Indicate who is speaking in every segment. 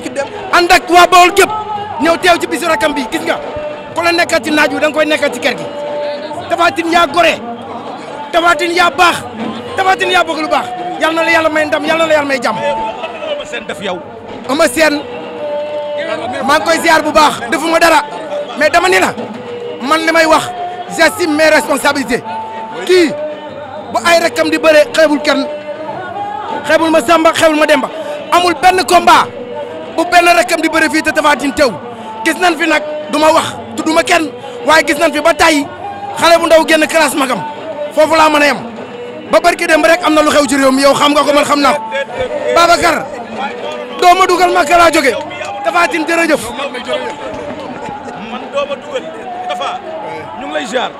Speaker 1: barki dem ànd ak waa Bawol ñëw teew ci bisu rakam bi gis nga ku la nekkal ci naaj wi da koy nekkal ci kër gi Tapha Tine yaa gore Tapha yaa baax Tapha Tine yaa bëgg lu baax yal na la yàlla may ndam yal na la yàlla may jàmm. ama seen def yow. ama seen maa ngi koy ziar bu baax defuma dara mais dama ni la man li may wax j'assume mes responsabilités kii bu ay rakam di bëre xeebul kenn xeebul ma Samba xeebul ma Demba amul benn combat. bu benn rakkam di bëre fii te Tapha Tine teew gis nañ fi nag du ma wax tudduma kenn waaye gis nañ fi ba tey xale bu ndaw génn classe magam foofu laa mën a yem ba barki dem rek am na lu xew ci réew mi yow xam nga ko man xam naa ko Babacar doo ma dugal ma laa jóge Tapha Tine jërëjëf man doo ma dugal Tapha ñu ngi lay ziar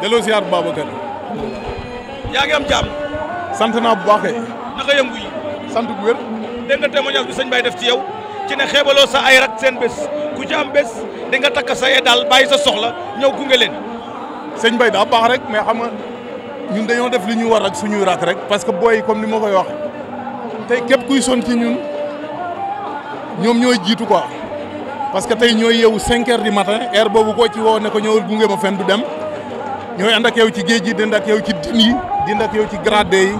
Speaker 1: delloo ziar Babacar yaa ngi am jàmm sant naa bu baax naka yëngu yi sant bu wér sëñ Baye def ci yow ci ne xeebaloo sa ay rak seen bés ku ci am bés di nga takk sa yee daal bàyyi sa soxla ñëw gunge leen. sëñ Bay daa baax rek mais xam nga ñun dañoo def li ñuy war ak suñuy rak
Speaker 2: rek parce que booy comme ni ma koy wax tey képp kuy son ci ñun ñoom ñooy jiitu ko parce que tey ñooy yeewu 5 heures du matin boobu koo ci woo ne ko ñëwal gunge ma fenn du dem ñooy ànd ak yow ci géej gi dend ak yow ci din yi dend ak ci gradé yi.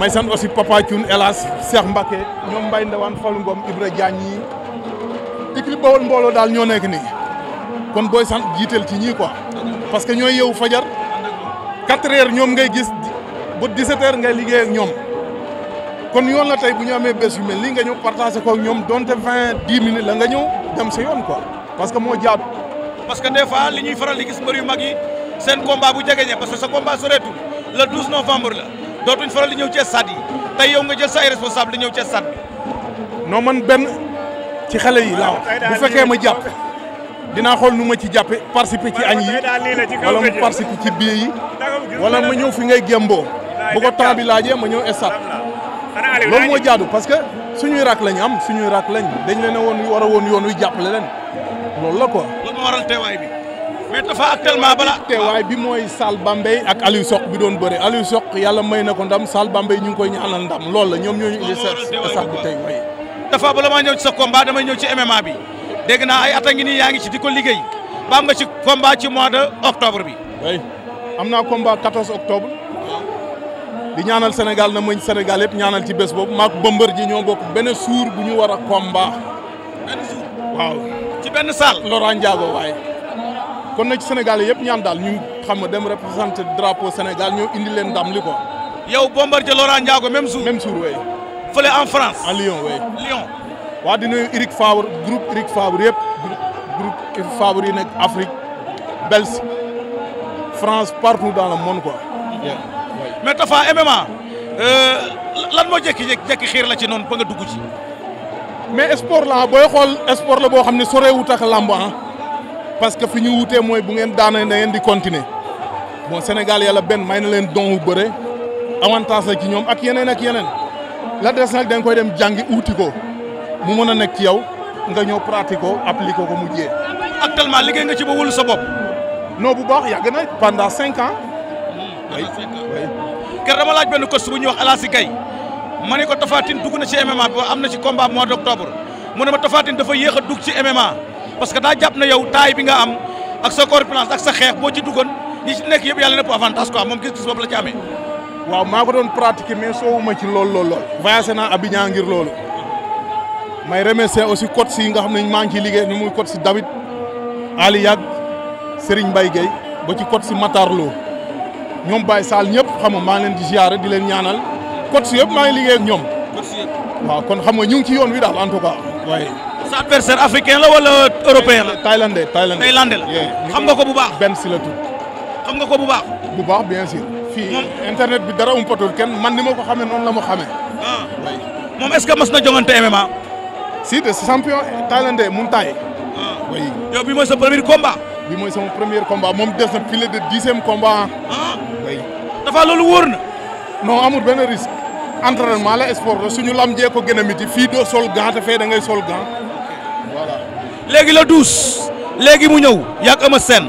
Speaker 2: may sant aussi Papa Thioune Elas Cheikh Mbacké ñoom Mbaye Ndawaan Fallou Ngom Ibra Diagne yi équipe Bawol mbooloo daal ñoo nekk nii kon booy sant jiital ci ñii quoi parce que ñooy yow fajar 4 heures ñoom ngay gis ba 17 heures ngay liggéey ak ñoom kon yoon la tey bu ñu amee bés lii nga ñëw partagé ko ñoom donte 20 10 la nga ñëw dem sa yoon quoi parce que moo jaadu. parce que des fois
Speaker 1: li ñuy faral di gis mbër yu mag yi seen combat bu jegeñee parce que sa combat soreetul le 12 novembre la. dootuñ faral li ñëw ci stade yi tey yow nga jël sa ay responsable di ñëw ci stade bi.
Speaker 2: non man benn ci xale yi laa wax bu fekkee ma jàpp dinaa xool nu ma ci jàppe participer ci añ yi wala mu participer ci biir yi wala ma ñëw fi ngay gémboo bu ko temps bi laajee ma ñëw esat loolu moo jaadu parce que suñuy rak lañ am suñuy rak lañ dañ leen a woon war woon yoon jàpp jàppale leen loolu la ko lan moo waral bi. mais Tapha actuellement bala teewaay bi mooy saal Bambey ak Aliou Sock bi doon bëre Aliou Sock yàlla
Speaker 1: may na ko ndam
Speaker 2: saal Bambey ñu ngi koy ñaanal ndam loolu la ñoom ñoo ñu indi sax bi tey waaye.
Speaker 1: Tapha bala maa ñëw sa combat damay ñëw ci MMA bi dégg naa ay at ngi nii yaa ngi ci di ko liggéey ba am nga ci combat ci mois de octobre bi. oui
Speaker 2: am naa combat 14 octobre. di ñaanal Sénégal na mëñ Sénégal yëpp ñaanal ci bés boobu maak bëmbër ji ñoo bokk benn suur bu ñu war a combat.
Speaker 1: benn
Speaker 2: benn salle. Laurent Ndiago kon nag Sénégal yëpp ñaan daal ñu xam dem représenté drapeau Sénégal ñoo indi leen ndam li quoi. yow Bombardier Laurent Ndiago même jour. même jour oui. fële en France. en Lyon oui. Lyon. waa di nuyu Eric Favre groupe Eric Favre yëpp groupe Eric Favre yi nekk Afrique Belgique France partout dans le monde quoi. mais
Speaker 1: Tapha MMA euh, lan moo jékki-jékki xiir la ci noon ba nga dugg ci.
Speaker 2: mais sport la booy xool sport la boo xam ne soreewut ak làmb ah. parce que fi ñu wutee mooy bu ngeen daanee da ngeen di continuer bon Sénégal yàlla benn may na leen don wu bëre avantage la ci ñoom ak yeneen ak yeneen la des nag da koy dem jàngi uuti ko mu mën a nekk ci yow nga ñëw pratiquer ko appliquer ko mu jiyee. actuellement liggéey nga ci ba wóolu sa bopp. non bu baax yàgg na pendant cinq ans. Hmm,
Speaker 1: oui laaj benn coach bu ñuy wax Alassi Gaye ma ne ko Tapha Tine dugg na ci MMA ba am na ci combat mois d' octobre mu ne ma Tapha dafa yéex a dugg ci MMA. parce que daa jàpp na yow taay bi nga am ak sa corpulence ak sa xeex boo ci duggoon ñi ci nekk yëpp yàlla nepp avantage quoi moom gis-gis boobu la ci amee.
Speaker 2: waaw maa ko doon pratiquer mais soowuma ci lool lool lool. loolu may remercier aussi coach yi nga xam nañ maa ngi ciy liggéey ni muy coach si David Ali Yag Serigne Mbaye Gueye ba ci coach si Matar Lo ñoom Baye Sall ñëpp xam nga maa ngi leen di ziare di leen ñaanal coach yëpp maa ngi liggéey ak ñoom. waaw kon xam nga ñu ci yoon wi daal en tout cas waaye. sa adversaire africain la wala européen la. thaïlandais thaïlandais thaïlandais la. xam nga ko bu baax benn si la tudd. xam nga ko bu baax. bu baax bien sûr. fii internet bi dara umpatul kenn man ni ma ko xamee noonu la ma xamee. Ah. moom est-ce que mas na jongante MMA. si de champion thaïlandais mun taay. Ah. oui yow bi mooy sa premier combat. bi mooy sama premier combat moom des na pile de dixième combat ah. dafa loolu wóor na. non amul benn risque. entraînement la sport la suñu lam jee ko gën a miti fii doo sol gant da
Speaker 1: ngay sol gant. léegi la douze léegi mu ñëw yàgg ama seen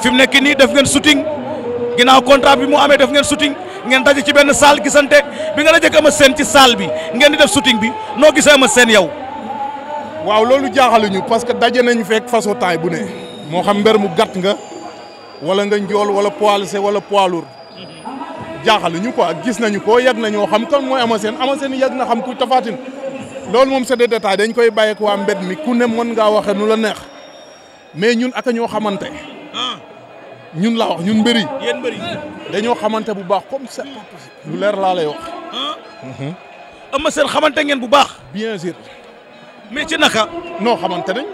Speaker 1: fi mu nekk nii def ngeen shooting ginnaaw contrat bi mu amee def ngeen shooting ngeen daje ci benn salle gisante bi nga dajee ak ama seen ci salle bi ngeen di def shooting bi noo gisee ama seen yow.
Speaker 2: waaw loolu jaaxaluñu parce que daje nañu fekk façon taay bu ne moo xam mbër mu gàtt nga wala nga njool wala poids léger wala poids lourd jaaxaluñu quoi gis nañu ko yàgg nañoo xam kon mooy ama seen ama seen yàgg na xam ku tafaatin loolu moom c'est des détails dañ koy bàyyeek waa mbed mi ku ne mën ngaa waxe nu la neex mais ñun ak ñoo xamante ah. ñun laa wax ñun mbëri yéen mbëri dañoo xamante bu baax comme ça lu leer laa lay wax. Eumeu ah. Sène xamante ngeen bu baax. bien sûr. mais ci naka. noo xamante nañ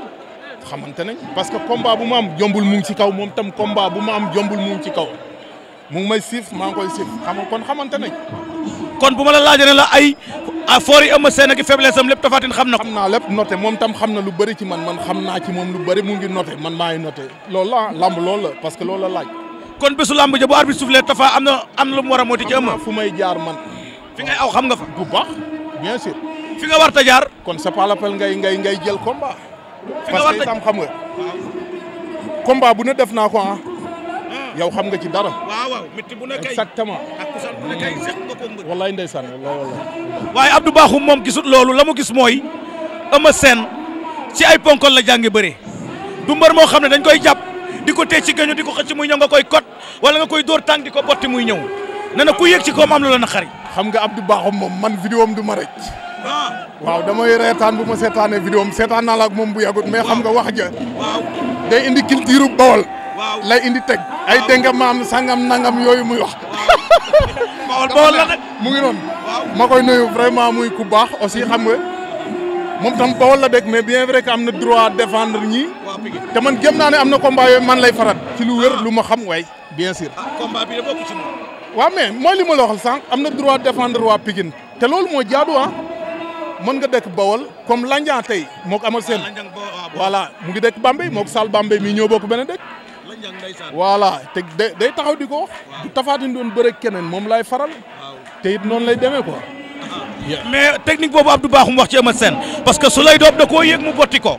Speaker 2: xamante nañ parce que combat bu ma am jombul mu ngi ci kaw moom tam combat bu ma am jombul mu ci kaw mu ngi may siif maa ngi koy siif xam kon xamante nañ.
Speaker 1: kon bu ma la laajee ne la ay ah, foor yi Eumeu Sène ak faiblesse am lépp Tapha Tine xam na xam
Speaker 2: naa lépp noté moom tam xam na lu bari ci man man xam naa ci moom lu bari mu ngi noté man maa ngi noté loolu la lamb loolu la parce que loolu la laaj.
Speaker 1: kon bésu lamb ja bu arbitre soufflé Tapha am na am na lu mu war a moytu ci Eumeu. fu may jaar man. fi ngay aw xam nga fa. bu baax bien sûr. fi nga war ta jaar. kon c'est pas
Speaker 2: l'appel ngay ngay ngay jël combat. fi nga war ta parce que itam xam nga. combat bu ne def naa ko ah. yow xam nga ci dara. waaw waaw métti bu nekkee exactement. ak kusaan bu nekkee seq nga ko mbër.
Speaker 1: wallaay ndeysaan waaye Abdou Bakhoum moom gisut loolu la mu gis mooy Eumeu Sène ci ay ponkol la jàngi bëre du mbër moo xam ne dañ koy jàpp di ko tee ci gëñu di ko xëcc muy ñëw nga koy kot wala nga koy dóor tànk di ko botti muy ñëw nee na ku yëg ci koom am lu la naqari. xam nga Abdou Bakhoum moom man vidéo am du ma rek. Ah. waaw damay reetaan bu
Speaker 2: ma seetaanee vidéo am seetaan naa la ak moom bu yàggut mais xam nga wax ja day indi culture Bawol lay indi teg ay dégg maam sangam nangam yooyu muy wax. bawol la mu ngi noonu. ma koy nuyu vraiment muy ku baax aussi xam nga moom tam bawol la deg mais bien vrai que am na droit défendre ñi te man gëm naa ne am na combat man lay farat. ci lu wér lu ma xam way bien sûr. Ah, combat bi da bokk ci moom. li ma la sànq am na droit défendre waa Pikine te loolu moo jaadu ah mën nga dëkk Bawol comme Landian tey moo ko amal seen ah, ah, voilà mu ngi dëkk Bambey moo ko Sall Bambey mi ñoo bokk benn dëkk voilà te day taxaw di ko wax. du tafaatin doon bëre keneen moom laay faral.
Speaker 1: te it noonu lay demee ko ah. mais technique boobu Abdou Bakhoum wax ci a seen parce que su lay doom da koo yëg mu botti ko. Mhm.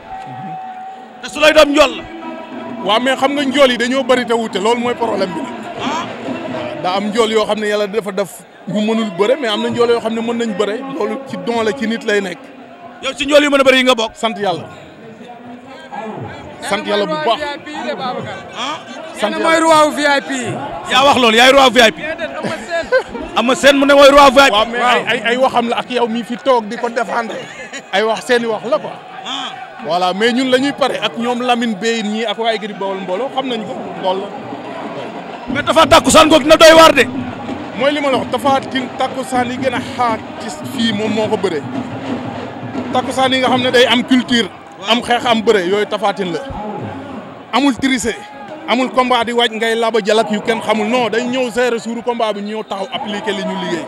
Speaker 1: te su lay doom njool la. waaw mais xam nga
Speaker 2: njool yi dañoo bëri te wuute loolu mooy problème bi. Ah. daa am njool yoo xam ne yàlla dafa def ñu mënul bëre mais am na njool yoo xam ne mën nañ bëre loolu ci don la ci nit lay nekk. yow ci njool yu mën
Speaker 1: a bëri yi nga bokk. sant yàlla. sant yàlla bu baax sant yàlla mooy roi VIP. yaa wax loolu yaay roi VIP. ama
Speaker 2: seen mu ne mooy roi VIP. waaw mais ay ay waxam la ak yow mi fi toog di ko défendre ay wax seeni wax la ko voilà mais ñun la ñuy pare ak ñoom Lamine Bey ñii ak waa Gris Baol mbooloo xam nañ ko loolu la. mais dafa tàkkusaan googu dina doy waar de. mooy li ma la wax dafa kin yi gën a xaar fii moom moo ko bëree. san yi nga xam ne day am culture. am xeex am bëre yooyu tafaatin la amul tricher amul combat di waaj ngay laba jalak yu kenn xamul noo dañ ñëw gérer suuru combat bi ñëw taxaw appliquer li ñu liggéey.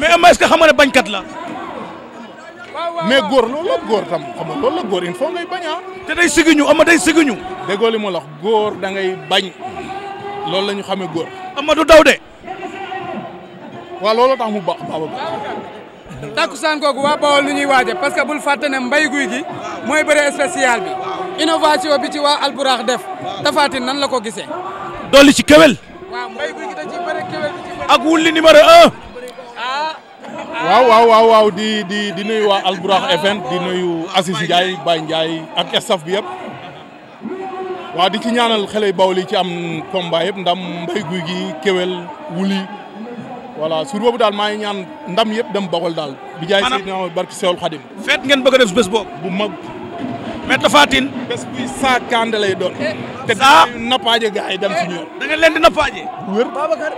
Speaker 2: mais am est-ce que xam nga ne bañkat la. mais góor loolu la góor tam xam nga loolu la góor il faut ngay bañ ah. te day siguñu ama day siguñu. déggoo li ma la wax góor da ngay bañ loolu la ñu xamee góor. Amadou Daw de. waaw
Speaker 1: loolu tax mu baax Babacar. takkusaan googu waa Bawol lu ñuy waaje parce que bul fàtte ne mbay guy gi mooy bëre spécial bi innovation bi ci waa Alburax def tafaatin nan la ko gisee. dolli ci kewel. waaw ak wulli numéro un.
Speaker 2: Ah, ah. waaw waaw waaw di di nuyu waa Alburax FM di nuyu Assis Ndiaye Baye Ndiaye ak staff bi yëpp. waaw di ci ñaanal xale yu Bawol ci am combat yëpp ndam mbay guy gi kewel wuli. voilà suur boobu daal maa ngi ñaan ndam yëpp dem Bawol daal. bi jaay Seydina barki Sewul Xadim. feet ngeen bëgg a def bés boobu.
Speaker 1: bu mag. mais Tapha Tine. bés buy saa kànd lay doon. Eh, te saa nappaaje gars yi dem eh, da nga leen di nappaaje. wér Babacar.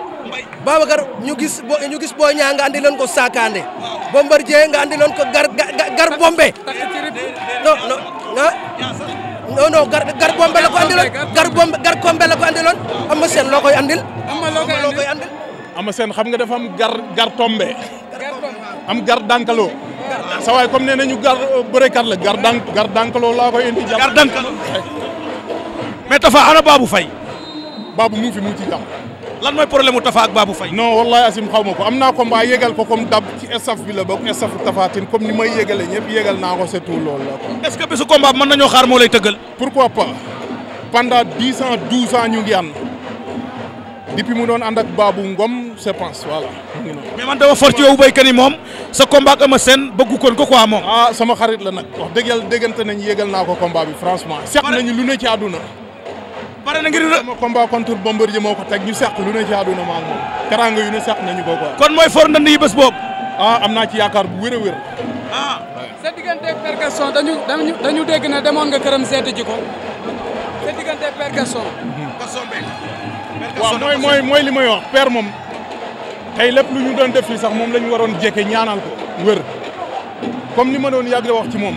Speaker 1: Babacar ñu gis ñu gis boo ñaa nga andi leen ko saakaande. waaw Bombardier nga andi leen ko gar gar bombe. non non ah. non non gar gar bombe la ko andiloon gar bombe gar bombe ko andiloon. andil. am na ama seen xam nga dafa am gar
Speaker 2: gar tombe am gar dankaloo sa waay comme nee nañu gar bërekat la gar dan gar dankaloo laa koy indi gar dankaloo mais Tafa ana Babou Faye Babou mu ngi fi mu ngi lan mooy problème mu ak Babou Faye non wallahi asim xaw ma ko am naa combat yégal ko comme dab ci staff bi la bokk staff Tafatine comme ni may yégale ñëpp yégal naa ko c'est tout loolu la est-ce que bésu combat mën nañoo xaar moo lay tëggal pourquoi pas pendant dix ans douze ñu ngi mu doon ànd ak je pense voilà. mais man dama fort ci yow béykat yi moom sa combat ak Eumeu Sène bëggu koon ko quoi moom. ah sama xarit la nag wax dëgg yàlla déggante nañ yégal naa ko combat bi franchement. seq nañu lu ne ci àdduna. bare na ngir sama combat contre Bombardier moo ko teg ñu seq lu ne ci àdduna maa moom karanga yu ne seq nañu ko quoi. kon mooy for ndand yi bés boobu. ah am naa ci yaakaar bu wér a wér.
Speaker 1: Ah. sa digganteeg percussion dañu dañu dañu dégg ne demoon nga këram seeti ji ko sa digganteeg percussion. percussion waaw mooy mooy li may wax per moom. tey lépp lu ñu doon
Speaker 2: def fii sax moom la ñu waroon jeke ñaanal ko wér comme li ma doon yàgg wax ci moom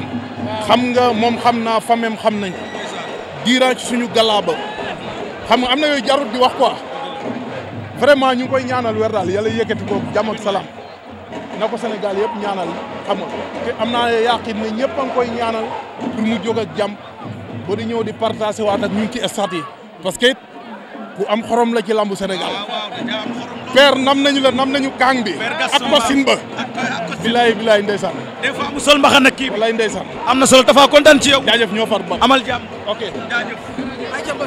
Speaker 2: xam nga moom xam naa famem xam nañ diiraan ci suñu galaaba xam nga am na yooyu jarut di wax quoi vraiment ñu ngi koy ñaanal wér daal yàlla yëkkati ko jàmm ak salaam na ko Sénégal yëpp ñaanal xam te am naa yaqin ne ñëpp a ngi koy ñaanal pour mu jóg ak jàmm ba di ñëw di partagé waat ak ñun ci stade yi parce que it ku am xorom la ci lambu Sénégal. père nam nañu la nam nañu kàng bi
Speaker 1: ak kosin ba bilaay bilaay ndeysaan des sol mbaxa nag kii bi wallaay am na solo dafa kontaan ci yow jaajëf ñoo far ba amal jàmm ok jaajëf